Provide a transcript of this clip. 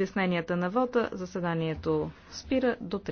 Обясненията на вота, заседанието спира до 3.